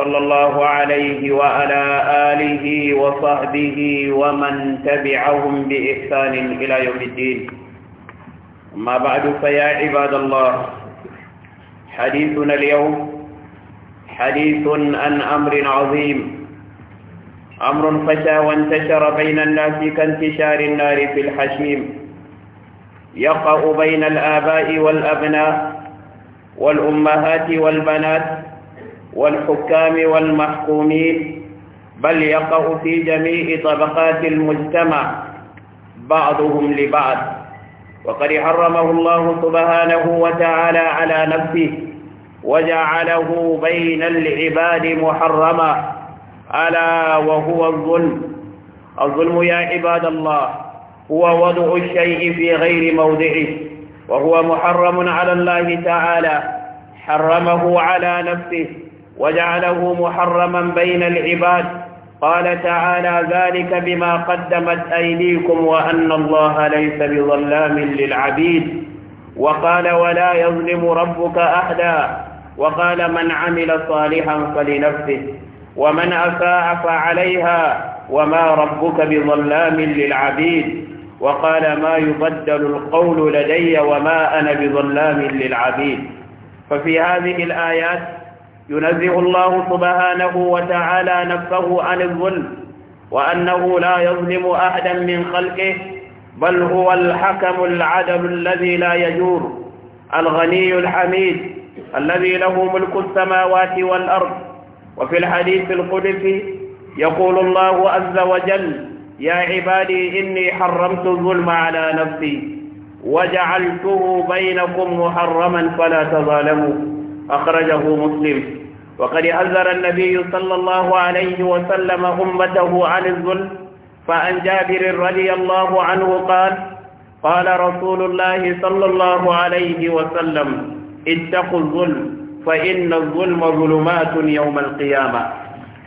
صلى الله عليه وعلى آله وصحبه ومن تبعهم بإحسان إلى يوم الدين ما بعد فيا عباد الله حديثنا اليوم حديث عن أمر عظيم أمر فشى وانتشر بين الناس كانتشار النار في الحشيم يقع بين الآباء والأبناء والأمهات والبنات والحكام والمحكومين بل يقع في جميع طبقات المجتمع بعضهم لبعض وقد حرمه الله سبحانه وتعالى على نفسه وجعله بين العباد محرما ألا وهو الظلم الظلم يا عباد الله هو وضع الشيء في غير موضعه وهو محرم على الله تعالى حرمه على نفسه وجعله محرما بين العباد قال تعالى ذلك بما قدمت أيديكم وأن الله ليس بظلام للعبيد وقال ولا يظلم ربك أحدا وقال من عمل صالحا فلنفسه ومن أساء فعليها وما ربك بظلام للعبيد وقال ما يبدل القول لدي وما أنا بظلام للعبيد ففي هذه الآيات ينزه الله سبحانه وتعالى نفسه عن الظلم وأنه لا يظلم أحدا من خلقه بل هو الحكم العدل الذي لا يجور الغني الحميد الذي له ملك السماوات والأرض وفي الحديث القدسي يقول الله عز وجل يا عبادي إني حرمت الظلم على نفسي وجعلته بينكم محرما فلا تظالموا أخرجه مسلم وقد أذر النبي صلى الله عليه وسلم أمته عن الظلم فعن جابر رضي الله عنه قال قال رسول الله صلى الله عليه وسلم اتقوا الظلم فإن الظلم ظلمات يوم القيامة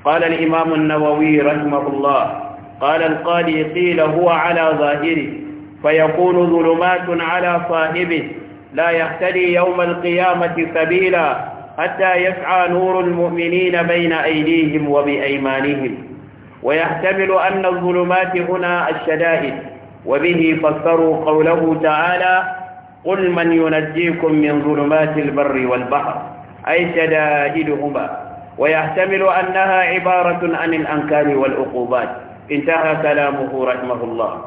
قال الإمام النووي رحمه الله قال القاضي قيل هو على ظاهره فيكون ظلمات على صاحبه لا يهتدي يوم القيامة سبيلا حتى يسعى نور المؤمنين بين أيديهم وبأيمانهم ويحتمل أن الظلمات هنا الشدائد وبه فسروا قوله تعالى قل من ينجيكم من ظلمات البر والبحر أي شدائدهما ويحتمل أنها عبارة عن الأنكار والعقوبات انتهى كلامه رحمه الله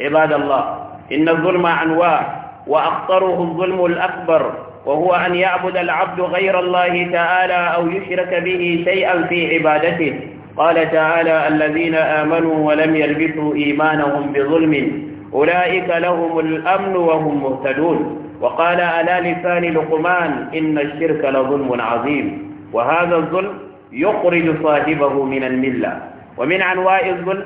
عباد الله إن الظلم أنواع وأخطره الظلم الأكبر وهو أن يعبد العبد غير الله تعالى أو يشرك به شيئا في عبادته قال تعالى الذين آمنوا ولم يلبسوا إيمانهم بظلم أولئك لهم الأمن وهم مهتدون وقال على لسان لقمان إن الشرك لظلم عظيم وهذا الظلم يخرج صاحبه من الملة ومن أنواع الظلم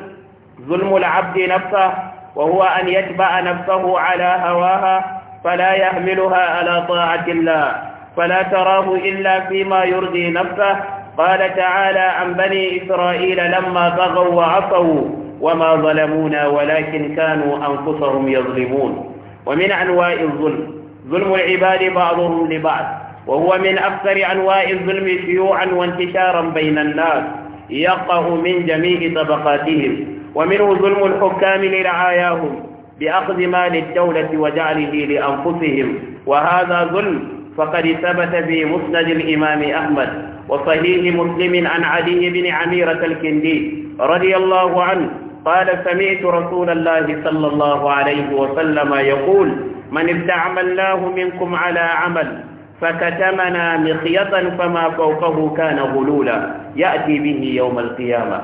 ظلم العبد نفسه وهو أن يتبع نفسه على هواها فلا يحملها على طاعة الله فلا تراه إلا فيما يرضي نفسه قال تعالى عن بني إسرائيل لما بغوا وعصوا وما ظلمونا ولكن كانوا أنفسهم يظلمون ومن أنواع الظلم ظلم العباد بعضهم لبعض وهو من أكثر أنواع الظلم شيوعا وانتشارا بين الناس يقع من جميع طبقاتهم ومنه ظلم الحكام لرعاياهم بأخذ مال الدولة وجعله لأنفسهم وهذا ظلم فقد ثبت في مسند الإمام أحمد وصحيح مسلم عن علي بن عميرة الكندي رضي الله عنه قال سمعت رسول الله صلى الله عليه وسلم يقول من استعملناه منكم على عمل فكتمنا مخيطا فما فوقه كان غلولا يأتي به يوم القيامة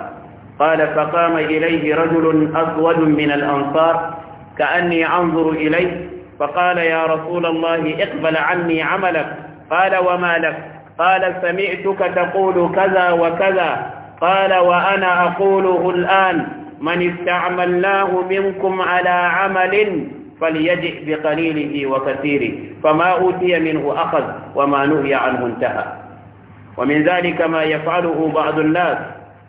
قال فقام إليه رجل أسود من الأنصار كأني أنظر إليه فقال يا رسول الله اقبل عني عملك قال وما لك قال سمعتك تقول كذا وكذا قال وأنا أقوله الآن من استعملناه منكم على عمل فليجئ بقليله وكثيره فما أوتي منه أخذ وما نهي عنه انتهى ومن ذلك ما يفعله بعض الناس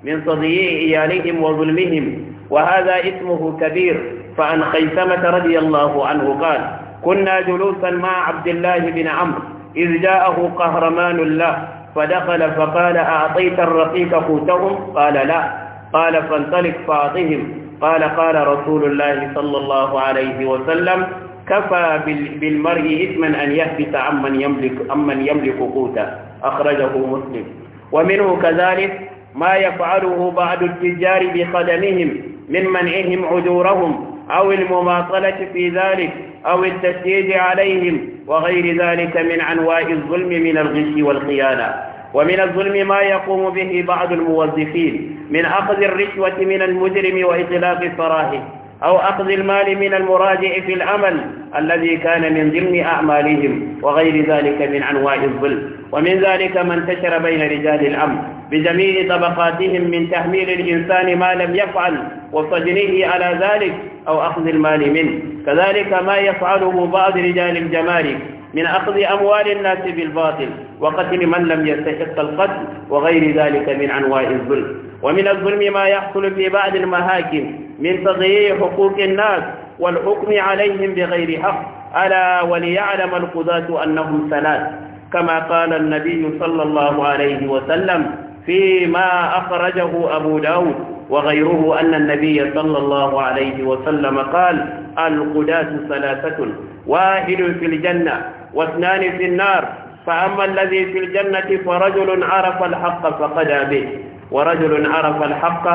من تضييع عيالهم وظلمهم وهذا اسمه كبير فعن خيثمة رضي الله عنه قال كنا جلوسا مع عبد الله بن عمرو إذ جاءه قهرمان الله فدخل فقال أعطيت الرقيق قوتهم قال لا قال فانطلق فأعطهم قال قال رسول الله صلى الله عليه وسلم كفى بالمرء إثما أن يهبط عمن يملك, عمن يملك قوته أخرجه مسلم ومنه كذلك ما يفعله بعض التجار بخدمهم من منعهم عذورهم أو المماطلة في ذلك أو التشديد عليهم وغير ذلك من أنواع الظلم من الغش والخيانة ومن الظلم ما يقوم به بعض الموظفين من أخذ الرشوة من المجرم وإطلاق الفراهي أو أخذ المال من المراجع في العمل الذي كان من ضمن أعمالهم وغير ذلك من أنواع الظلم ومن ذلك ما انتشر بين رجال الأمر بجميع طبقاتهم من تحميل الإنسان ما لم يفعل وصدره على ذلك أو أخذ المال منه كذلك ما يفعله بعض رجال الجمارك من أخذ أموال الناس بالباطل وقتل من لم يستحق القتل وغير ذلك من أنواع الظلم ومن الظلم ما يحصل في بعض المهاكم من تضييع حقوق الناس والحكم عليهم بغير حق ألا وليعلم القضاة أنهم ثلاث كما قال النبي صلى الله عليه وسلم فيما أخرجه أبو داود وغيره أن النبي صلى الله عليه وسلم قال القداة ثلاثة واحد في الجنة واثنان في النار فأما الذي في الجنة فرجل عرف الحق فقدى به ورجل عرف الحق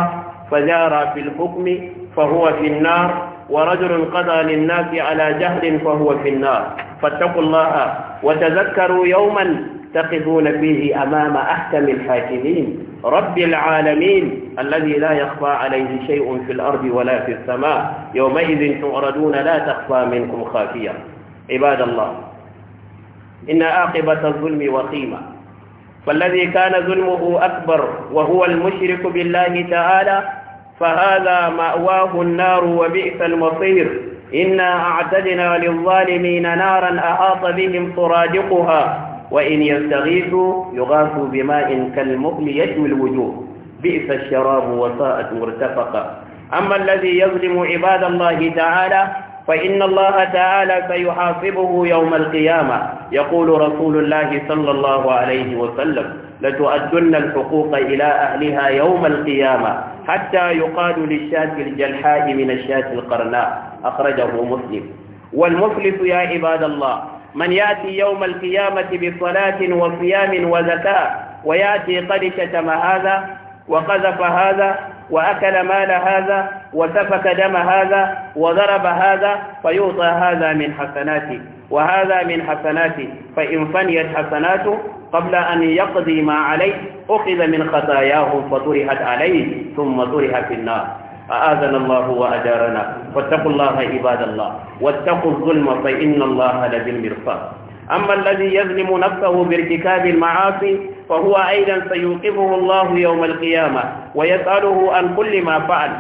فجار في الحكم فهو في النار ورجل قضى للناس على جهل فهو في النار فاتقوا الله وتذكروا يوما تقفون فيه أمام أحكم الحاكمين رب العالمين الذي لا يخفى عليه شيء في الأرض ولا في السماء يومئذ تعرضون لا تخفى منكم خافية عباد الله إن عاقبة الظلم وخيمة فالذي كان ظلمه أكبر وهو المشرك بالله تعالى فهذا مأواه النار وبئس المصير إنا أعتدنا للظالمين نارا أحاط بهم طرادقها وإن يستغيثوا يغاثوا بماء كالمؤل يشوي الوجوه بئس الشراب وساءت مرتفقا أما الذي يظلم عباد الله تعالى فإن الله تعالى سيحاسبه يوم القيامة يقول رسول الله صلى الله عليه وسلم لتؤدن الحقوق إلى أهلها يوم القيامة حتى يقال للشاة الجلحاء من الشاة القرناء أخرجه مسلم والمفلس يا عباد الله من يأتي يوم القيامة بصلاة وصيام وزكاة ويأتي قد شتم هذا وقذف هذا وأكل مال هذا وسفك دم هذا وضرب هذا فيعطى هذا من حسناته وهذا من حسناته فإن فنيت حسناته قبل أن يقضي ما عليه أخذ من خطاياه فطرحت عليه ثم طرح في النار أآذنا الله وأجارنا واتقوا الله عباد الله واتقوا الظلم فإن الله لذي المرفق أما الذي يظلم نفسه بارتكاب المعاصي فهو أيضا سيوقفه الله يوم القيامة ويسأله عن كل ما فعل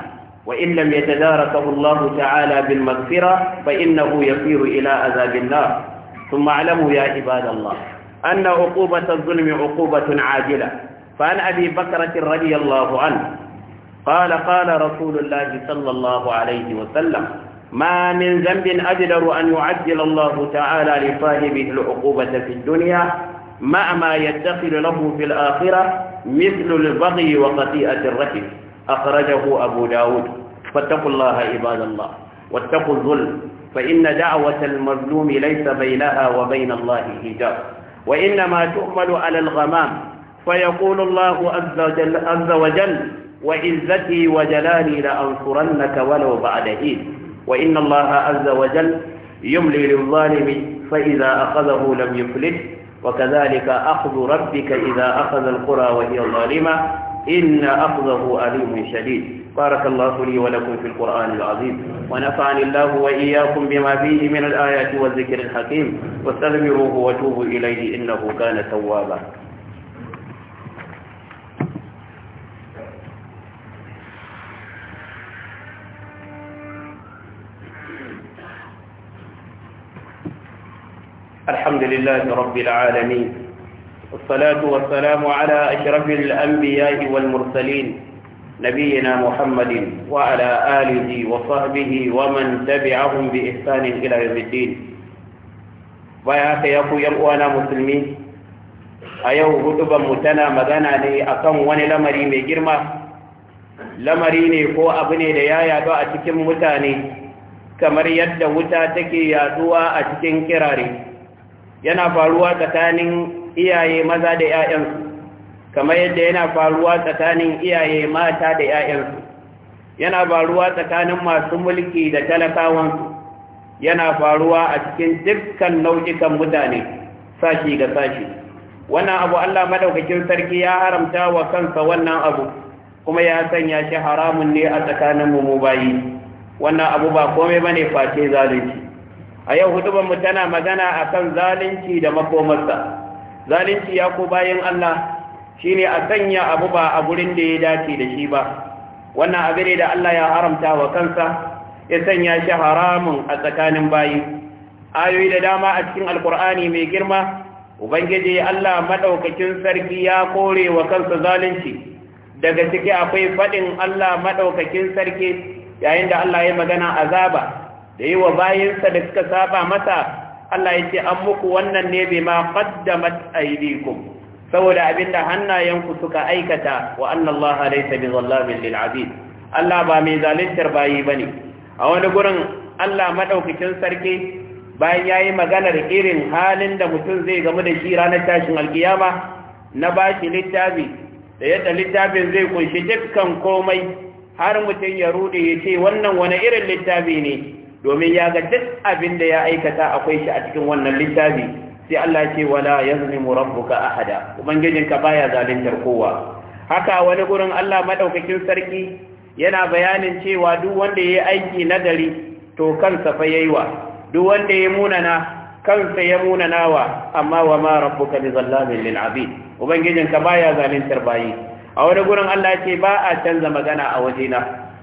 وإن لم يتداركه الله تعالى بالمغفرة فإنه يصير إلى عذاب النار ثم اعلموا يا عباد الله أن عقوبة الظلم عقوبة عاجلة فعن أبي بكرة رضي الله عنه قال قال رسول الله صلى الله عليه وسلم ما من ذنب أجدر أن يعجل الله تعالى لصاحبه العقوبة في الدنيا مع ما يدخل له في الآخرة مثل البغي وقطيئة الرحم أخرجه أبو داود فاتقوا الله عباد الله واتقوا الظلم فإن دعوة المظلوم ليس بينها وبين الله حجاب وإنما تؤمل على الغمام فيقول الله عز وجل, عز وجل وعزتي وجلالي لأنصرنك ولو بعد حين وإن الله عز وجل يملي للظالم فإذا أخذه لم يفلت وكذلك أخذ ربك إذا أخذ القرى وهي ظالمة إن أخذه أليم شديد بارك الله لي ولكم في القرآن العظيم ونفعني الله وإياكم بما فيه من الآيات والذكر الحكيم واستغفروه وتوبوا إليه إنه كان توابا الحمد لله رب العالمين والصلاة والسلام على أشرف الأنبياء والمرسلين نبينا محمد وعلى آله وصحبه ومن تبعهم بإحسان إلى يوم الدين وياك يقو يمؤنا مسلمين أيو غتبا متنا مغانا لي أقام وني لمري مي جرما لمري ني كو أبني ليايا دو أتكم متاني كمر يد وتا تكي يا دوا أتكم كراري yana faruwa tsakanin iyaye maza da 'ya'yansu kamar yadda yana faruwa tsakanin iyaye mata da 'ya'yansu yana faruwa tsakanin masu mulki da talakawansu yana faruwa a cikin dukkan nau'ikan mutane sashi ga sashi wannan abu Allah madaukakin sarki ya haramta wa kansa wannan abu kuma ya sanya shi haramun ne a tsakanin mu bayi wannan abu ba komai bane face zalunci a yau hudubanmu tana magana a kan zalunci da makomarsa zalunci ya ko bayan Allah shi ne a sanya abu ba a gurin da ya dace da shi ba wannan abu ne da Allah ya haramta wa kansa ya sanya shi haramun a tsakanin bayi ayoyi da dama a cikin alkur'ani mai girma ubangiji Allah madaukakin sarki ya kore wa kansa zalunci daga ciki akwai faɗin Allah madaukakin sarki yayin da Allah ya magana azaba da yi wa bayansa da suka saba masa Allah ya ce an muku wannan ne bai ma qaddamat aydikum saboda abinda hannayenku suka aikata wa annallaha laysa bizallamin lil abid Allah ba mai zaluntar bayi bane a wani gurin Allah madaukakin sarki bayan yayi maganar irin halin da mutum zai gamu da shi ranar tashin alkiyama na bashi littafi da yadda littafin zai kunshi dukkan komai har mutum ya rude ya ce wannan wani irin littafi ne domin ya ga duk abin da ya aikata akwai shi a cikin wannan littafi sai Allah ce wala yazlimu rabbuka ahada ubangijinka baya zaluntar kowa haka wani gurin Allah madaukakin sarki yana bayanin cewa duk wanda yayi aiki nagari to kansa fa wa. duk wanda ya munana kansa ya munanawa amma wa ma rabbuka bizallamin lil abid ubangijinka baya zaluntar bayi a wani gurin Allah ce ba a canza magana a wajena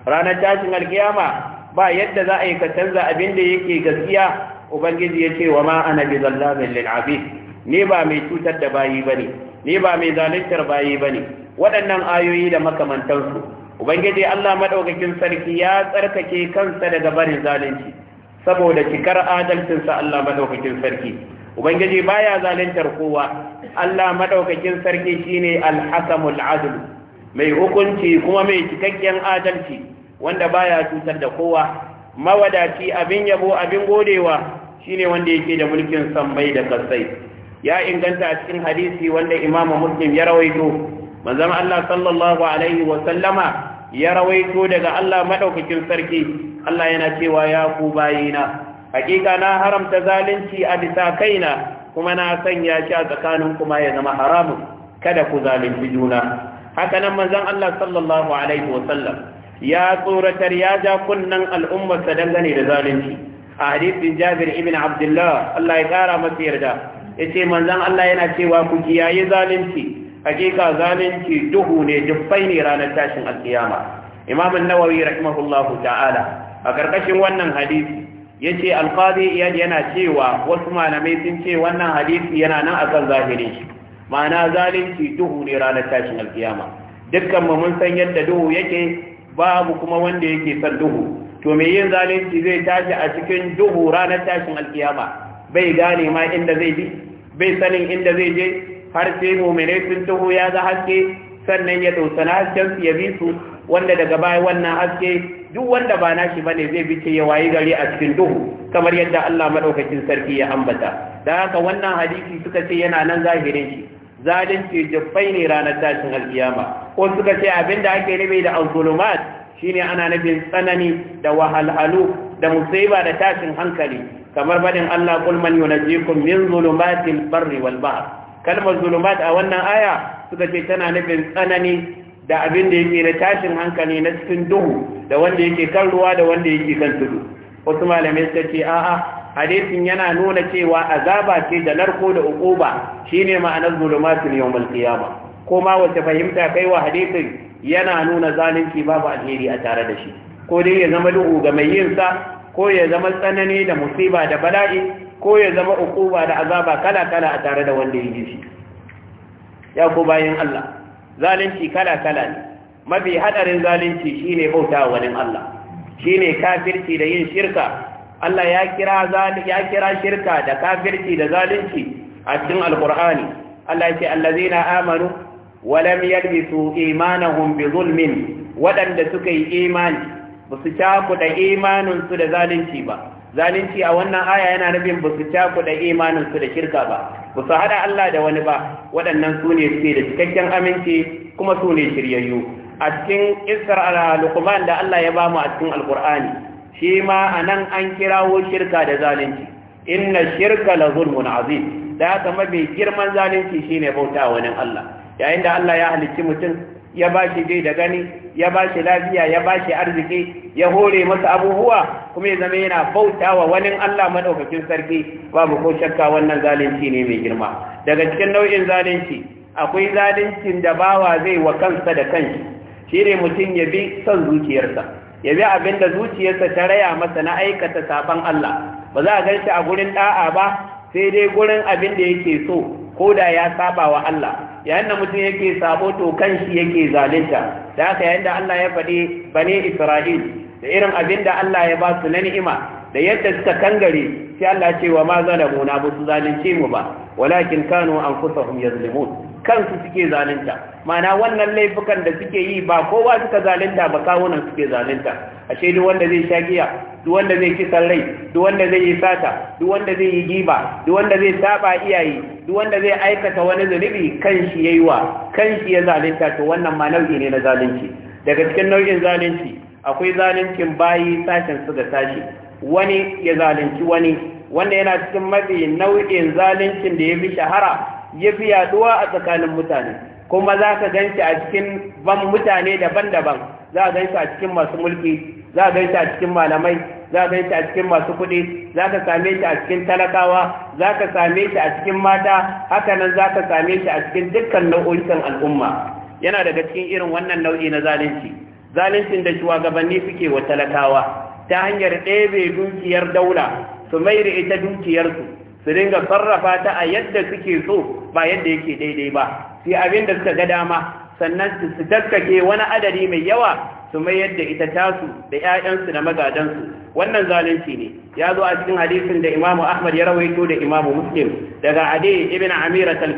ranar tashin alkiyama ba yadda za a yi ka canza abin da yake gaskiya ubangiji ya ce wa ma ana bi zallamin lil abid ne ba mai cutar da bayi bane ne ba mai zaluntar bayi bane waɗannan ayoyi da makamantansu ubangiji Allah maɗaukakin sarki ya tsarkake kansa daga barin zalunci saboda cikar adalcinsa Allah madaukakin sarki ubangiji baya zaluntar kowa Allah maɗaukakin sarki shine al-hakamul adl mai hukunci kuma mai cikakken adalci wanda baya cutar da kowa mawadaci abin yabo abin godewa shine wanda yake da mulkin sammai da kasai ya inganta a cikin hadisi wanda Imam Muslim ya rawaito manzon Allah sallallahu alaihi wa sallama ya rawaito daga Allah madaukakin sarki Allah yana cewa ya ku bayina hakika na haramta zalunci a bisa kaina kuma na sanya shi a tsakanin kuma ya zama haramun kada ku zalunci juna haka nan manzon Allah sallallahu alaihi wa sallam ya tsoratar ya ja kunnan al'ummarsa dangane da zalunci a hadisin jabir ibn abdullah Allah ya kara masa yarda Ya ce manzan Allah yana cewa ku kiyaye zalunci hakika zalunci duhu ne dufai ne ranar tashin alkiyama imam nawawi rahimahullahu ta'ala a karkashin wannan hadisi yace alqadi iyad yana cewa wasu malamai sun ce wannan hadisi yana nan akan zahirin shi ma'ana zalunci duhu ne ranar tashin alkiyama dukkan mu mun san yadda duhu yake babu kuma wanda yake san duhu to me yin zalunci zai tashi a cikin duhu ranar tashin alkiyama bai gane ma inda zai bi bai sanin inda zai je har sai mu'minai sun duhu ya ga haske sannan ya dauka na hasken ya bi su wanda daga baya wannan haske duk wanda ba nashi bane zai bi ce ya wayi gari a cikin duhu kamar yadda Allah madaukakin sarki ya ambata da haka wannan hadisi suka ce yana nan zahirin shi zalunci jabbai ne ranar tashin alkiyama ko suka ce da ake nufi da azulumat shine ana nufin tsanani da wahalhalu da musaiba da tashin hankali kamar badin Allah kul man yunajjikum min zulumatil barri wal bahr kalmar zulumat a wannan aya suka ce tana nufin tsanani da abin da yake da tashin hankali na cikin duhu da wanda yake kan ruwa da wanda yake kan tudu wasu malamai suka ce a'a hadisin yana nuna cewa azaba ce da larko da uquba shine ma'anar zulumatul yawmul qiyama kuma wace fahimta kai wa hadisin yana nuna zalunci babu alheri a tare da shi ko dai ya zama duhu ga mai yin sa ko ya zama tsanani da musiba da bala'i ko ya zama uquba da azaba kala kala a tare da wanda yake shi ya ku bayin Allah zalunci kala kala ne mafi hadarin zalunci shine bautawa wani Allah shine kafirci da yin shirka Allah ya kira zalika ya kira shirka da kafirci da zalunci a cikin alqur'ani Allah ya ce allazina amanu wa lam yalbisu imanahum bi zulmin wadanda suka yi imani ba su cakuda imanin su da zalunci ba zalunci a wannan aya yana nufin ba su cakuda imanin su da shirka ba ba su hada Allah da wani ba waɗannan su ne da cikakken aminci kuma su ne shiryayyu a cikin isra al-luqman da Allah ya bamu a cikin alqur'ani shi ma a nan an kirawo shirka da zalunci inna shirka la zulmun azim da haka mafi girman zalunci shine bauta wani Allah yayin da Allah ya halicci mutum ya ba shi dai da gani ya ba shi lafiya ya ba shi arziki ya hore masa abubuwa kuma ya zama yana bauta wa wani Allah madaukakin sarki babu ko shakka wannan zalunci ne mai girma daga cikin nau'in zalunci akwai zaluncin da bawa zai wa kansa da kanshi shine mutum ya bi son zuciyarsa ya bi abin da zuciyarsa ta raya masa na aikata saban Allah ba za a gan shi a gurin Ɗa'a ba sai dai gurin abin da yake so ko da ya saba wa Allah yayin da mutum yake sabo to kanshi yake zalunta da haka yayin da Allah ya faɗi bane Isra'il da irin abin da Allah ya ba su na ni'ima da yadda suka kangare sai Allah ce wa ma zalamuna ba su zalunce mu ba walakin kanu anfusahum yazlimun kansu suke zalunta ma'ana wannan laifukan da suke yi ba kowa suka zalunta ba kawunan suke zalunta ashe duk wanda zai sha giya duk wanda zai ci rai duk wanda zai yi sata duk wanda zai yi giba duk wanda zai saba iyaye duk wanda zai aikata wani zunubi ya yayi wa kan shi ya zalunta to wannan ma nau'i ne na zalunci daga cikin nau'in zalunci akwai zaluncin bayi sashen su da sashi wani ya zalunci wani wanda yana cikin mafi nau'in zaluncin da ya fi shahara ya fi yaduwa a tsakanin mutane kuma za ka gan shi a cikin ban mutane daban-daban za a gan a cikin masu mulki za a gan a cikin malamai za a gan a cikin masu kuɗi za ka same shi a cikin talakawa za ka same shi a cikin mata haka nan za ka same shi a cikin dukkan nau'o'ikan al'umma yana daga cikin irin wannan nau'i na zalunci zaluncin da shugabanni suke wa talakawa ta hanyar ɗebe dukiyar daula su mai ita dukiyarsu su dinga sarrafa ta a yadda suke so ba yadda yake daidai ba sai abin da suka ga dama sannan su taskake wani adadi mai yawa su mai yadda ita tasu da 'ya'yansu da magadansu wannan zalunci ne ya zo a cikin hadisin da imam ahmad ya rawaito da imam muslim daga ade ibn Amir al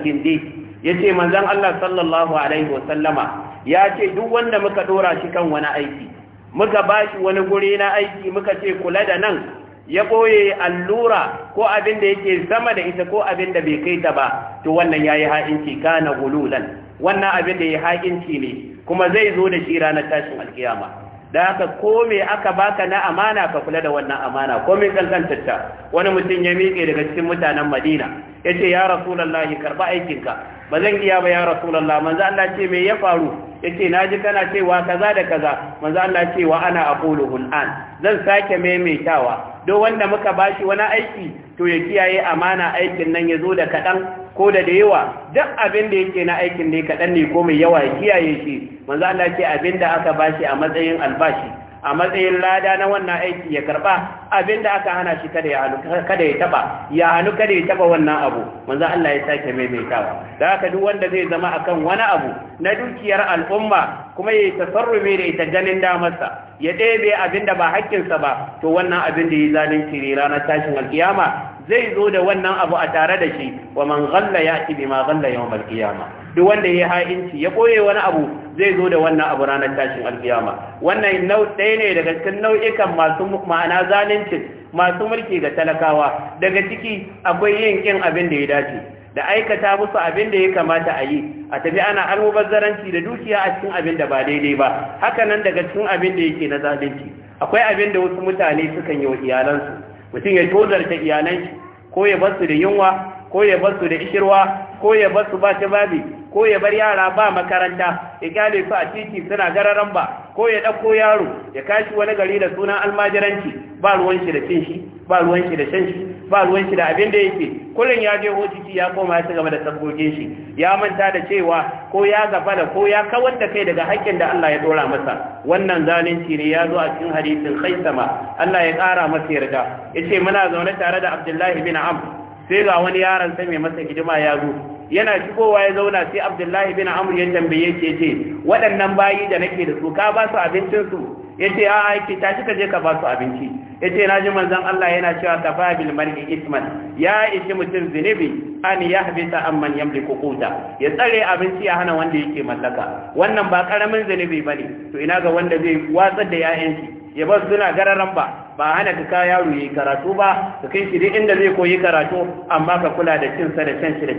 ya ce manzan allah sallallahu alaihi wasallama ya ce duk wanda muka dora shi kan wani aiki muka bashi wani guri na aiki muka ce kula da nan ya ɓoye allura ko abin da yake zama da ita ko abin da bai kai ta ba to wannan ya yi ha'inci kana gululan wannan abin da ya ha'inci ne kuma zai zo da shi ranar tashin alkiyama da haka ko me aka baka na amana ka kula da wannan amana ko me kankantarta wani mutum ya miƙe daga cikin mutanen madina ya ce ya rasulallah karɓa aikinka ba zan iya ba ya rasulallah manzo Allah ce me ya faru yace naji kana cewa kaza da kaza manzo Allah ce wa ana aqulu an zan sake maimaitawa duk wanda muka bashi wani aiki to ya kiyaye amana aikin nan yazo da kadan ko da da yawa duk abin da yake na aikin ne kadan ne ko mai yawa ya kiyaye shi manzo Allah ce abin da aka bashi a matsayin albashi a matsayin lada na wannan aiki ya karba abinda aka hana shi kada ya hannu kada ya taba ya hannu kada ya taba wannan abu manzo Allah ya sake maimaitawa da haka duk wanda zai zama akan wani abu na dukiyar al'umma kuma ya tasarrume da ita ganin damarsa ya ɗebe abinda ba sa ba to wannan abin da ya zalunci ne ranar tashin alkiyama zai zo da wannan abu a tare da shi wa man ghalla ya'ti bima ghalla yawm alqiyama duk wanda ya ha'inci ya boye wani abu zai zo da wannan abu ranar tashin alkiyama wannan nau ɗaya ne daga cikin nau'ikan masu ma'ana zalincin masu mulki ga talakawa daga ciki akwai yin kin abin da ya dace da aikata musu abin da ya kamata a yi a tafi ana almubazzaranci da dukiya a cikin abin da ba daidai ba haka nan daga cikin abin da yake na zalunci akwai abin da wasu mutane sukan yi wa iyalansu mutum ya tozarta iyalansu ko ya basu da yunwa ko ya bar su da ishirwa ko ya bar su ba babi ko ya bar yara ba makaranta ya gane su a titi suna gararan ba ko ya ɗauko yaro ya kashi wani gari da sunan almajiranci ba ruwan shi da cin shi ba ruwan shi da shan shi ba ruwan shi da abin da yake kullum ya je hotiki ya koma ya gaba da sabgogin shi ya manta da cewa ko ya gaba da ko ya kawar da kai daga haƙƙin da Allah ya dora masa wannan zalunci ne ya zo a cikin hadisin khaisama Allah ya ƙara masa yarda yace muna zaune tare da Abdullahi bin Amr sai ga wani yaron sai mai masa hidima ya zo yana shigowa ya zauna sai abdullahi bin Amur ya tambaye ce ce waɗannan bayi da nake da su ka ba su abincin su ce a aiki ta shi ka je ka ba su abinci Ya ce na ji manzan Allah yana cewa kafa bil mar'i isman ya ishi mutum zinubi an an amman yamliku quta ya tsare abinci ya hana wanda yake mallaka wannan ba karamin zinubi ne. to ina ga wanda zai watsar da 'ya'yan shi ya bar suna gararan ba ba hana ka ka yaro yi karatu ba ka kai shi inda zai koyi karatu amma ka kula da cin sa da can shi da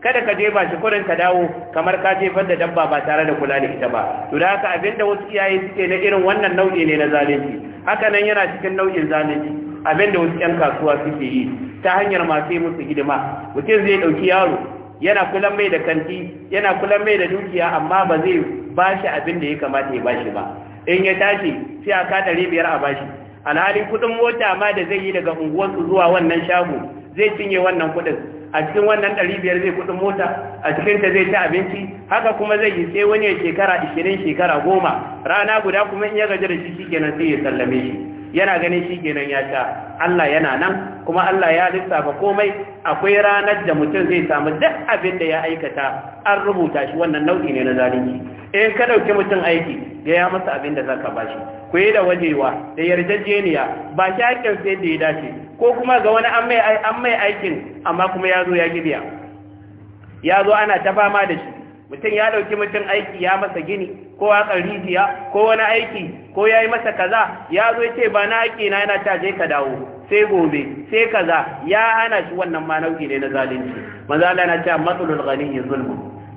kada ka je ba shi kurin ka dawo kamar ka je da dabba ba tare da kula da ita ba to da haka abinda wasu iyaye suke na irin wannan nau'i ne na zalunci haka nan yana cikin nau'in zalunci abinda wasu 'yan kasuwa suke yi ta hanyar masu yi musu hidima mutum zai ɗauki yaro yana kulan mai da kanti yana kulan mai da dukiya amma ba zai ba shi abin da ya kamata ya ba shi ba in ya tashi sai a ka ɗari biyar a bashi alhali kudin mota ma da zai yi daga unguwarsu zuwa wannan shago zai cinye wannan kuɗin a cikin wannan ɗari biyar zai kudin mota a cikin ta zai ci abinci haka kuma zai yi sai wani shekara ishirin shekara goma rana guda kuma in ya gaji da shi shikenan sai ya sallame shi yana ganin shi kenan ya sha Allah yana nan kuma Allah ya lissafa komai akwai ranar da mutum zai samu duk abin da ya aikata an rubuta shi wannan nau'i ne na zalunci in eh, ka ɗauki mutum aiki da ya masa abin da zaka shi ku yi da wajewa da yarjejeniya ba shi haƙƙin sai da ya dace ko kuma ga wani an mai aikin amma kuma ya zo ya gidiya ya zo ana ta fama da shi mutum ya ɗauki mutum aiki ya masa gini ko haƙar rijiya ko wani aiki ko ya yi masa kaza ya zo ce ba na aiki na yana ta je ka dawo sai gobe sai kaza ya hana shi wannan ma nau'i ne na zalunci Maza Allah yana cewa matsalul ya zulmu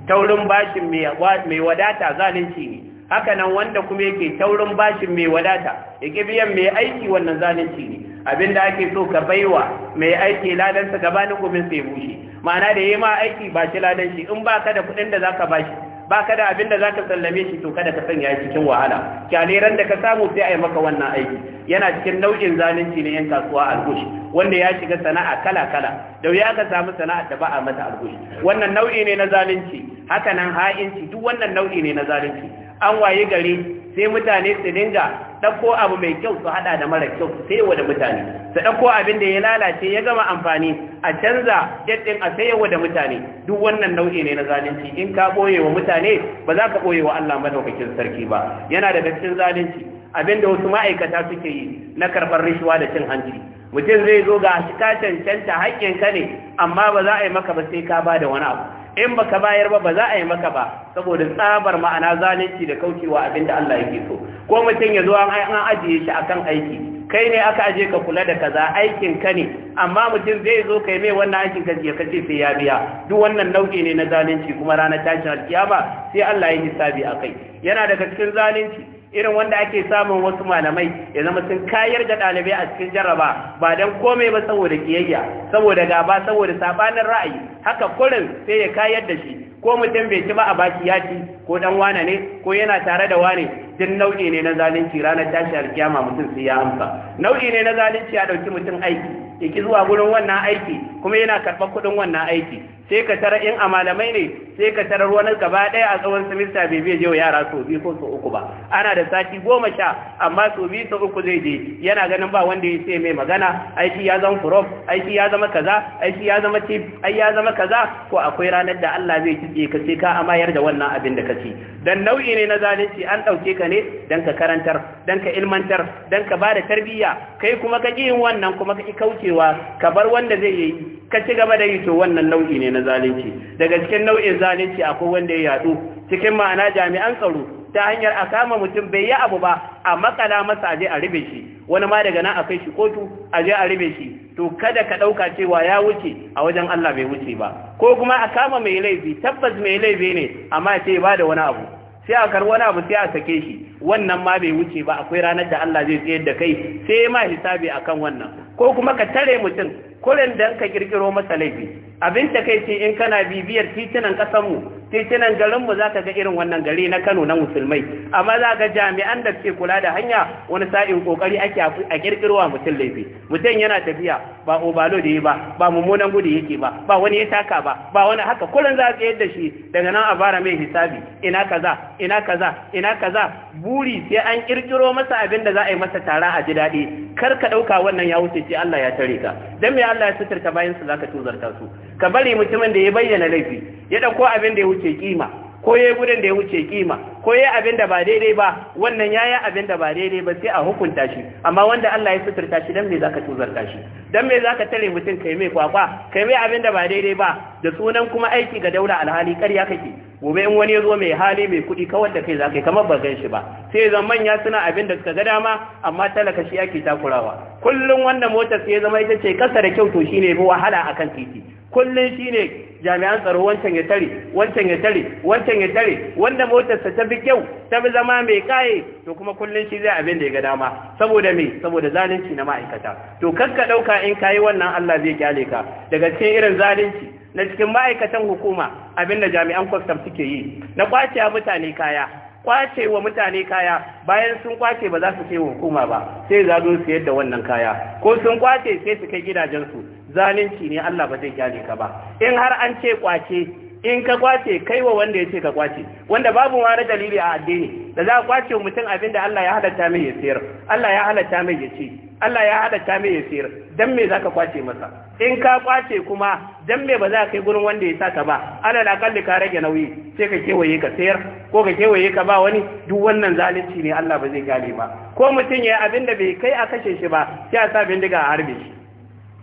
taurin bashin mai wadata zalunci ne haka nan wanda kuma yake taurin bashin mai wadata ya biyan mai aiki wannan zalunci ne Abin da ake so ka baiwa mai aiki ladansa gabanin gumin sai bushe ma'ana da yi ma aiki ba shi ladan shi in ba ka da kuɗin da za ka ba shi ba ka da abin da za ka sallame shi to kada ka sanya cikin wahala kyaleran da ka samu sai a yi maka wannan aiki yana cikin nau'in zalunci na 'yan kasuwa algush wanda ya shiga sana'a kala-kala da ya ka samu sana'a da ba a mata algush wannan nau'i ne na zalunci haka nan ha'inci duk wannan nau'i ne na zalunci an waye gari sai mutane su dinga ɗauko abu mai kyau su haɗa da mara kyau su sayewa da mutane su ɗauko abin da ya lalace ya gama amfani a canza jaddin a sayewa da mutane duk wannan nau'i ne na zalunci in ka ɓoye wa mutane ba za ka ɓoye wa Allah madaukakin sarki ba yana da cikin zalunci abin da wasu ma'aikata suke yi na karɓar rishuwa da cin hanci mutum zai zo ga shi ka cancanta haƙƙinka ne amma ba za a yi maka ba sai ka ba da wani abu in baka bayar ba ba za a yi maka ba saboda tsabar ma'ana zalunci da kaucewa abin da Allah yake so ko mutum ya zo an ajiye shi akan aiki kai ne aka aje ka kula da kaza aikin ka ne amma mutum zai zo kai mai wannan aikin ka ya kace sai ya biya duk wannan nau'i ne na zalunci kuma ranar tashin alkiyama sai Allah ya hisabi akai yana daga cikin zalunci irin wanda ake samun wasu malamai ya zama sun kayar da ɗalibai a cikin jarraba ba don komai ba saboda kiyayya saboda gaba saboda sabanin ra'ayi haka kurin sai ya kayar da shi ko mutum bai ci ba a baki ya ko dan wane ne ko yana tare da wane din nau'i ne na zalunci ranar tashi alkiyama mutum sai ya amsa nau'i ne na zalunci ya dauki mutum aiki yake zuwa gurin wannan aiki kuma yana karɓar kuɗin wannan aiki sai ka tara in a malamai ne sai ka tarar wani gaba ɗaya a tsawon semester bai bai jewa yara sau biyu ko sau uku ba ana da sati goma sha amma sau biyu sau uku zai je yana ganin ba wanda ya sai mai magana aiki ya zama furof aiki ya zama kaza aiki ya zama tif ai ya zama kaza ko akwai ranar da Allah zai kitse ka sai ka amayar da wannan abin da kace dan nau'i ne na zalunci an ɗauke ka ne dan ka karantar dan ka ilmantar dan ka bada tarbiyya kai kuma ka yin wannan kuma ka ki kaucewa ka bar wanda zai yi ka ci gaba da yi to wannan nau'i ne na zalunci daga cikin nau'in zalunci akwai wanda ya yadu cikin ma'ana jami'an tsaro ta hanyar a kama mutum bai yi abu ba a makala masa aje a rube shi wani ma daga nan a kai shi kotu aje a rube shi to kada ka ɗauka cewa ya wuce a wajen Allah bai wuce ba ko kuma a kama mai laifi tabbas mai laifi ne amma sai ba da wani abu sai a kar wani abu sai a sake shi wannan ma bai wuce ba akwai ranar da Allah zai tsayar da kai sai ma hisabi akan wannan ko kuma ka tare mutum kuren da ka kirkiro masa laifi abin ta in kana bibiyar titunan kasanmu titunan garin mu zaka ga irin wannan gari na kano na musulmai amma zaka ga jami'an da suke kula da hanya wani sa'in kokari ake a kirkirwa mutum laifi mutum yana tafiya ba obalo da yi ba ba mummunan gudu yake ba ba wani ya taka ba ba wani haka kullum za ka yadda shi daga nan a fara mai hisabi ina kaza ina kaza ina kaza buri sai an kirkiro masa abin da za a yi masa tara a ji daɗi kar ka ɗauka wannan ya wuce ce Allah ya tare ka dan me Allah ya suturta bayan su zaka tuzarta su ka bari mutumin da ya bayyana laifi ya ɗauko abin da ya wuce kima ko ya yi gudun da ya wuce kima ko ya yi abin da ba daidai ba wannan ya yi abin da ba daidai ba sai a hukunta shi amma wanda Allah ya suturta shi don me za ka tuzarta shi don me za ka tare mutum ka yi mai kwakwa Ka yi mai abin da ba daidai ba da sunan kuma aiki ga daura alhali karya kake gobe in wani ya zo mai hali mai kuɗi kawai da kai za kai kamar ba gan shi ba sai zan manya suna abin da suka ga dama amma talaka shi ake takurawa kullum wannan motar sai ya zama ita ce kasa da kyau to shine bi wahala akan titi kullum shine jami'an tsaro wancan ya tare wancan ya tare wancan ya tare wanda motarsa ta fi kyau ta fi zama mai kaye to kuma kullun shi zai abin da ya ga dama saboda me saboda zalunci na ma'aikata to ka dauka in kayi wannan Allah zai kyale ka daga cikin irin zalunci na cikin ma'aikatan hukuma abin da jami'an kwastam suke yi na kwace mutane kaya kwace wa mutane kaya bayan sun kwace ba za su kai hukuma ba sai za su yadda wannan kaya ko sun kwace sai su kai gidajensu zalunci ne Allah ba zai gyare ka ba in har an ce kwace in ka kwace kai wa wanda ya ce ka kwace wanda babu wani dalili a addini da za a kwace mutum abin da Allah ya halatta mai ya sayar Allah ya halatta mai ya ce, Allah ya halatta mai ya sayar dan me zaka kwace masa in ka kwace kuma dan me ba za ka kai gurin wanda ya saka ba alal akalli ka rage nauyi sai ka kewaye ka sayar ko ka kewaye ka ba wani duk wannan zalunci ne Allah ba zai gane ba ko mutum ya abin da bai kai a kashe shi ba sai a sa bindiga a harbe shi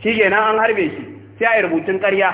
shi kenan an harbe shi sai a rubutun ƙarya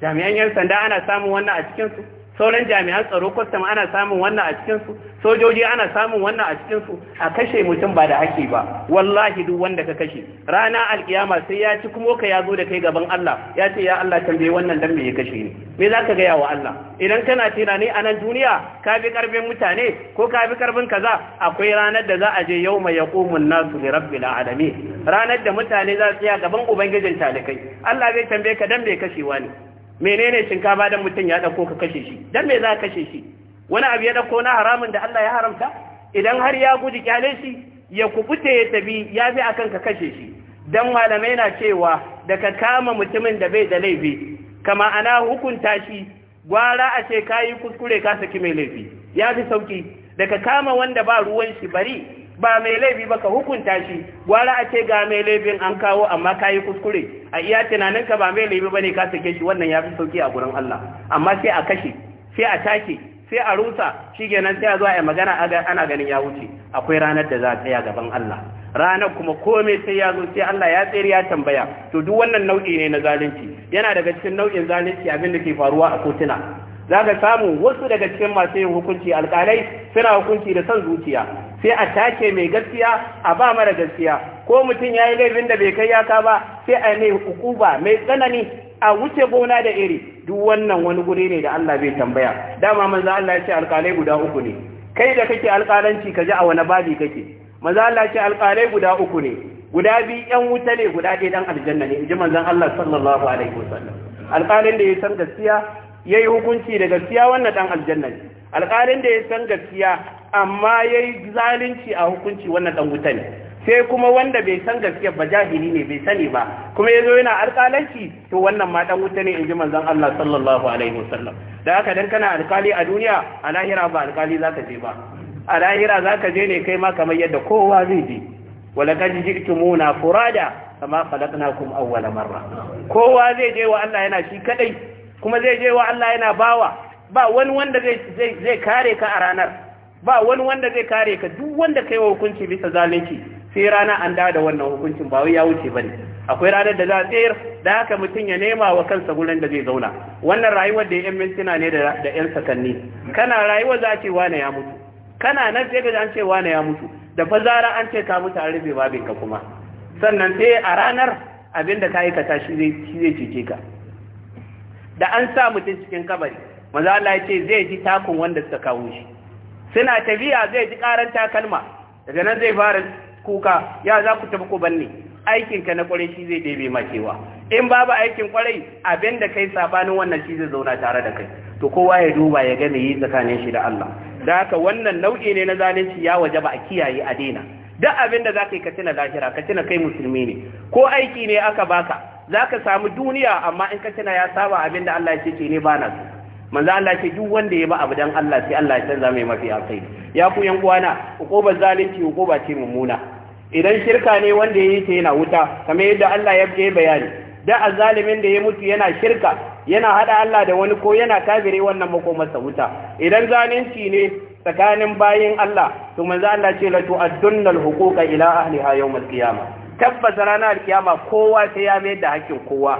jami'an 'yan sanda ana samun wannan a cikinsu sauran jami'an tsaro kwastam ana samun wannan a cikinsu sojoji ana samun wannan a cikinsu a kashe mutum ba da haƙi ba wallahi duk wanda ka kashe rana alkiyama sai ya ci kuma ka ya zo da kai gaban Allah ya ce ya Allah tambaye wannan dan me ya kashe ni me za ka gaya wa Allah idan kana tina a nan duniya ka bi karbin mutane ko ka bi karbin kaza akwai ranar da za a je yau mai yaqumun nasu li rabbil alamin ranar da mutane za su tsaya gaban ubangijin talikai Allah zai tambaye ka dan me kashewa ne menene shinkafa dan mutum ya dauko ka kashe shi dan me za ka kashe shi wani abu ya dauko na haramun da Allah ya haramta idan har ya guji kyale shi ya kubute ya tabi ya fi akan ka kashe shi dan malamai na cewa da ka kama mutumin da bai da laifi kama ana hukunta shi gwara a ce kayi kuskure ka saki mai laifi ya fi sauki da ka kama wanda ba ruwan shi bari ba mai laifi ba ka hukunta shi gwara a ce ga mai laifin an kawo amma ka yi kuskure a iya tunaninka ba mai laifi ba ne ka sake shi wannan ya fi sauki a gurin Allah amma sai a kashe sai a take sai a rusa shi kenan sai a zo a yi magana ana ganin ya wuce akwai ranar da za a tsaya gaban Allah ranar kuma komai sai ya zo sai Allah ya tsere ya tambaya to duk wannan nau'i ne na zalunci yana daga cikin nau'in zalunci abin da ke faruwa a kotuna za ka samu wasu daga cikin masu yin hukunci alƙalai suna hukunci da son zuciya sai a take mai gaskiya a ba mara gaskiya ko mutum ya yi laifin da bai kai yaka ba sai a mai hukuba mai tsanani a wuce gona da iri duk wannan wani guri ne da Allah bai tambaya dama manzo Allah ya ce alƙalai guda uku ne kai da kake alƙalanci ka ji a wani babi kake manzo Allah ya ce alƙalai guda uku ne guda biyu yan wuta ne guda ɗaya dan aljanna ne inji manzo Allah sallallahu alaihi wasallam alƙalin da ya san gaskiya yayi hukunci da gaskiya wannan dan aljanna ne alƙalin da ya san gaskiya amma yayi zalunci a hukunci wannan dan wuta ne sai kuma wanda bai san gaskiya ba jahili ne bai sani ba kuma ya zo yana alƙalanci to wannan ma ɗan wuta ne inji manzon Allah sallallahu alaihi wasallam da haka dan kana alƙali a duniya a lahira ba alƙali za ka je ba a lahira za ka je ne kai ma kamar yadda kowa zai je Wala walaqad ji'tumuna furada kama khalaqnakum awwala marra kowa zai je wa Allah yana shi kadai kuma zai je wa Allah yana bawa ba wani wanda zai zai kare ka a ranar ba wani wanda zai kare ka duk wanda kai wa hukunci bisa zalunci sai rana an da da wannan hukuncin ba wai ya wuce bane akwai ranar da za a tsayar da haka mutum ya nema wa kansa gurin da zai zauna wannan rayuwar da yan mintuna ne da yan sakanni kana rayuwar za a ce wane ya mutu kana nan sai ga an ce wane ya mutu da fa zara an ce ka mutu an rufe babin ka kuma sannan sai a ranar abin da ka aikata shi zai shi zai ka da an sa mutum cikin kabari maza Allah ya ce zai ji takun wanda suka kawo shi suna tafiya zai ji karan takalma daga nan zai fara kuka ya za ku tafi ku banne aikin na kwarai shi zai ɗebe makewa. in babu aikin kwarai abin da kai sabanin wannan shi zai zauna tare da kai to kowa ya duba ya gane yi tsakanin shi da Allah da haka wannan nau'i ne na zalunci ya waje ba a kiyaye a daina duk abin da ka yi ka tuna lahira ka tuna kai musulmi ne ko aiki ne aka baka zaka samu duniya amma in ka tuna ya saba abin da Allah yake ce ne ba na so manzo Allah ce duk wanda ya ba abu dan Allah sai Allah ya canza mai mafi alkhairi ya ku yan uwana ba zalunci ba ce mummuna idan shirka ne wanda yayi ta yana wuta kamar yadda Allah ya yi bayani da azalimin da ya mutu yana shirka yana hada Allah da wani ko yana kafire wannan makomarsa wuta idan zalunci ne tsakanin bayin Allah to manzo Allah ce la tu'addunnal huquqa ila ahliha yawmal qiyamah tabbas ranar kiyama kowa sai ya mayar da hakkin kowa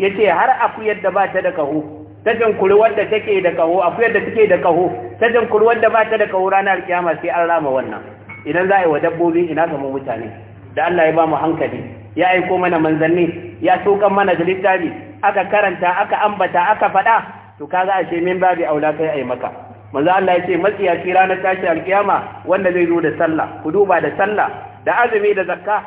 yace har aku yadda ba ta da kahu ta jankuri wanda take da kaho akuyar da take da kaho ta kuri wanda ba ta da kaho ranar kiyama sai an rama wannan idan za a yi wa dabbobi ina ga mutane da Allah ya ba mu hankali ya aiko mana manzanni ya sokan mana da littafi aka karanta aka ambata aka faɗa to kaga ashe min babi aula kai ai maka manzo Allah ya ce matsiyaci ranar tashi alkiyama wanda zai zo da sallah ku duba da sallah da azumi da zakka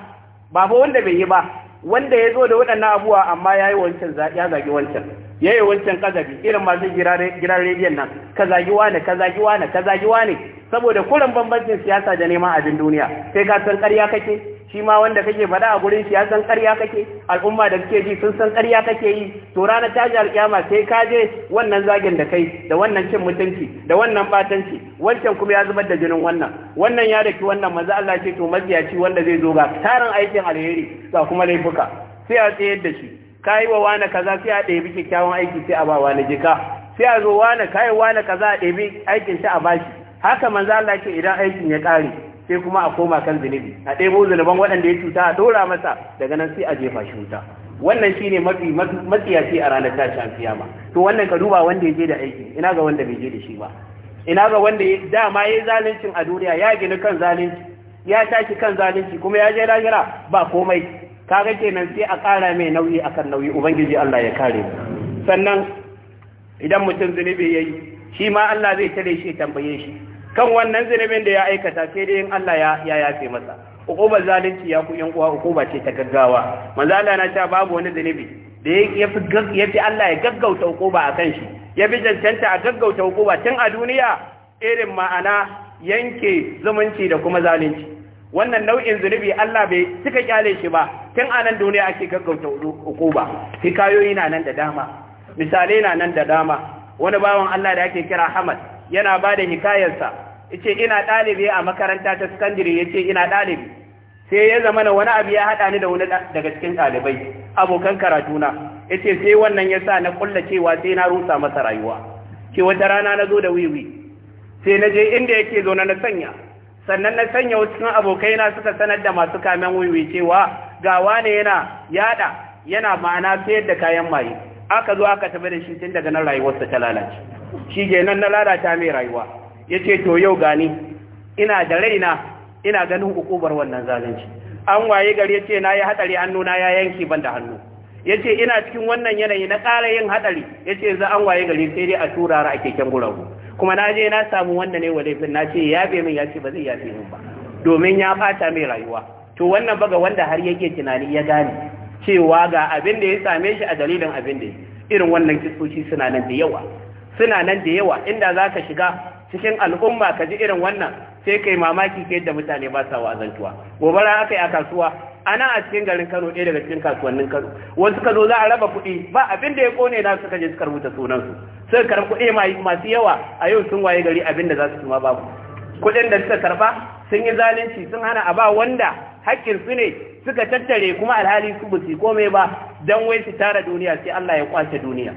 ba fa wanda bai yi ba wanda ya zo da waɗannan abubuwa amma ya yi wancan ya zagi wancan yayi wancan kazabi irin masu giran rediyon nan ka zagi ne ka zagi ne ka zagi ne saboda kuran bambancin siyasa da neman abin duniya sai ka san karya kake shi ma wanda kake faɗa a gurin siyasan karya kake al'umma da kake ji sun san karya kake yi to ranar ji alƙiyama sai ka je wannan zagin da kai da wannan cin mutunci da wannan batanci wancan kuma ya zubar da jinin wannan wannan ya daki wannan manzo Allah ce to maziyaci wanda zai zo ga tarin aikin alheri ga kuma laifuka sai a tsayar da shi kai wa wani kaza sai a ɗebi kyakkyawan aiki sai a ba wani jika sai a zo wani kai wani kaza a ɗebi aikin sai a shi haka za Allah ke idan aikin ya ƙare sai kuma a koma kan zunubi a ɗebo zunuban waɗanda ya cuta a ɗora masa daga nan sai a jefa shi wuta wannan shine mafi matsiyaci a ranar tashin kiyama to wannan ka duba wanda ya je da aiki ina ga wanda bai je da shi ba ina ga wanda ya dama ya yi zaluncin a duniya ya gini kan zalunci ya tashi kan zalunci kuma ya je lahira ba komai kaga kenan sai a ƙara mai nauyi akan nauyi ubangiji Allah ya kare sannan idan mutum zunubi yayi shi ma Allah zai tare shi tambaye shi kan wannan zunubin da ya aikata sai dai in Allah ya ya yafe masa ukubar zalunci ya ku yan uwa ukuba ce ta gaggawa manzo Allah na cewa babu wani zunubi da ya fi Allah ya gaggauta ukuba kan shi ya fi cancanta a gaggauta ukuba tun a duniya irin ma'ana yanke zumunci da kuma zalunci wannan nau'in zunubi Allah bai cika kyale shi ba tun a nan duniya ake gaggauta ba. hikayoyi na nan da dama misalai na nan da dama wani bawan Allah da ake kira Hamad yana ba da hikayarsa yace ina ɗalibi a makaranta ta secondary yace ina ɗalibi sai ya zama na wani abu ya haɗa ni da wani daga cikin ɗalibai abokan karatuna yace sai wannan yasa na kulla cewa sai na rusa masa rayuwa Ke wata rana na zo da wiwi sai na je inda yake zo na sanya sannan na sanya wasu abokaina suka sanar da masu kamen wiwi cewa ga wane yana yada yana ma'ana sayar da kayan maye aka zo aka tafi da shi tun daga nan rayuwarsa ta lalace shi ke nan na lalata mai rayuwa ya ce to yau gani ina da raina ina ganin hukubar wannan zalunci an waye gari ya ce na yi hatsari hannu na ya yanki ban da hannu ya ce ina cikin wannan yanayi na ƙara yin hatsari ya ce za an waye gari sai dai a turara a keken guragu kuma na je na samu wanda ne wa laifin na ce ya be min ya ce ba zai yafe min ba domin ya bata mai rayuwa to wannan baga wanda har yake tunani ya gane cewa ga abin da ya same shi a dalilin abin da irin wannan kitsoci suna nan da yawa suna nan da yawa inda za ka shiga cikin al'umma ka ji irin wannan sai kai mamaki ke yadda mutane ba sa wazantuwa gobara aka yi a kasuwa ana a cikin garin kano ɗaya daga cikin kasuwannin kano wasu zo za a raba kuɗi ba abin da ya kone na suka je suka rubuta sunansu suka karɓi kuɗi masu yawa a yau sun waye gari abin da za su ma babu kuɗin da suka karɓa sun yi zalunci sun hana a ba wanda hakkin su ne suka tattare kuma alhali su ba su kome ba don wai su tara duniya sai Allah ya kwace duniya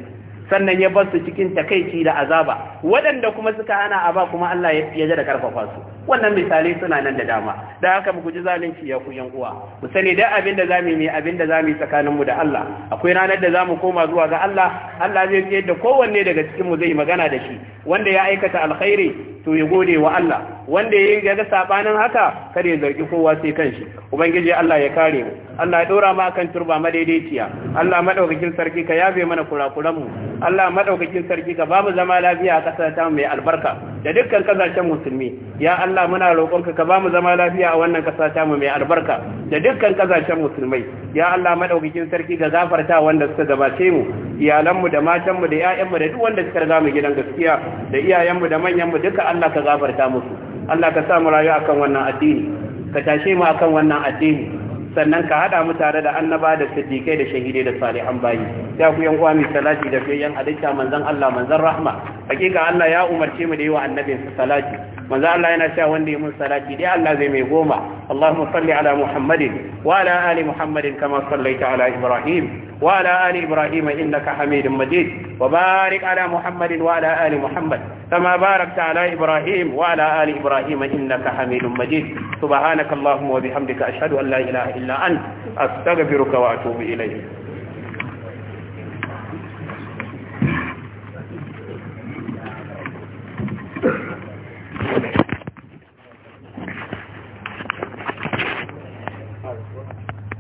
sannan ya bar su cikin takaici da azaba waɗanda kuma suka hana a ba kuma Allah ya da karfafa su wannan misalai suna nan da dama da haka mu ji zalunci ya ku yan uwa mu sani da abin da zamu yi abin da zamu yi tsakanin mu da Allah akwai ranar da zamu koma zuwa ga Allah Allah zai ce da kowanne daga cikin mu zai magana da shi wanda ya aikata alkhairi to ya gode wa Allah wanda ya ga sabanin haka kar ya zargi kowa sai kanshi ubangiji Allah ya kare mu Allah ya dora mu kan turba madaidaiciya Allah madaukakin sarki ka yabe mana kurakuran mu Allah madaukakin sarki ka mu zama lafiya a kasar ta mai albarka da dukkan kasashen musulmi ya Allah Allah muna roƙonka ka ba mu zama lafiya a wannan ƙasa ta mu mai albarka da dukkan ƙasashen musulmai ya Allah madaukakin sarki ga gafarta wanda suka gabace mu iyalanmu da mu da 'ya'yanmu da duk wanda suka riga mu gidan gaskiya da iyayenmu da manyan manyanmu duka Allah ka gafarta musu Allah ka sa mu rayu akan wannan addini ka tashe mu akan wannan addini sannan ka hada mu tare da annaba da siddiqai da shahidai da salihan bayi ya ku yan uwa mai salati da fiyan halitta manzon Allah manzon rahma hakika Allah ya umarce mu da yi wa annabinsa salati manzo Allah yana cewa wanda ya mun salati dai Allah zai mai goma Allahumma salli ala Muhammadin wa ala ali Muhammadin kama sallaita ala Ibrahim wa ala ali Ibrahim innaka Hamidum Majid wa barik ala Muhammadin wa ala ali Muhammad kama barakta ala Ibrahim wa ala ali Ibrahim innaka Hamidum Majid subhanaka Allahumma wa bihamdika ashhadu an la ilaha illa anta astaghfiruka wa atubu ilayk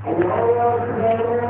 Allah'a emanet olun.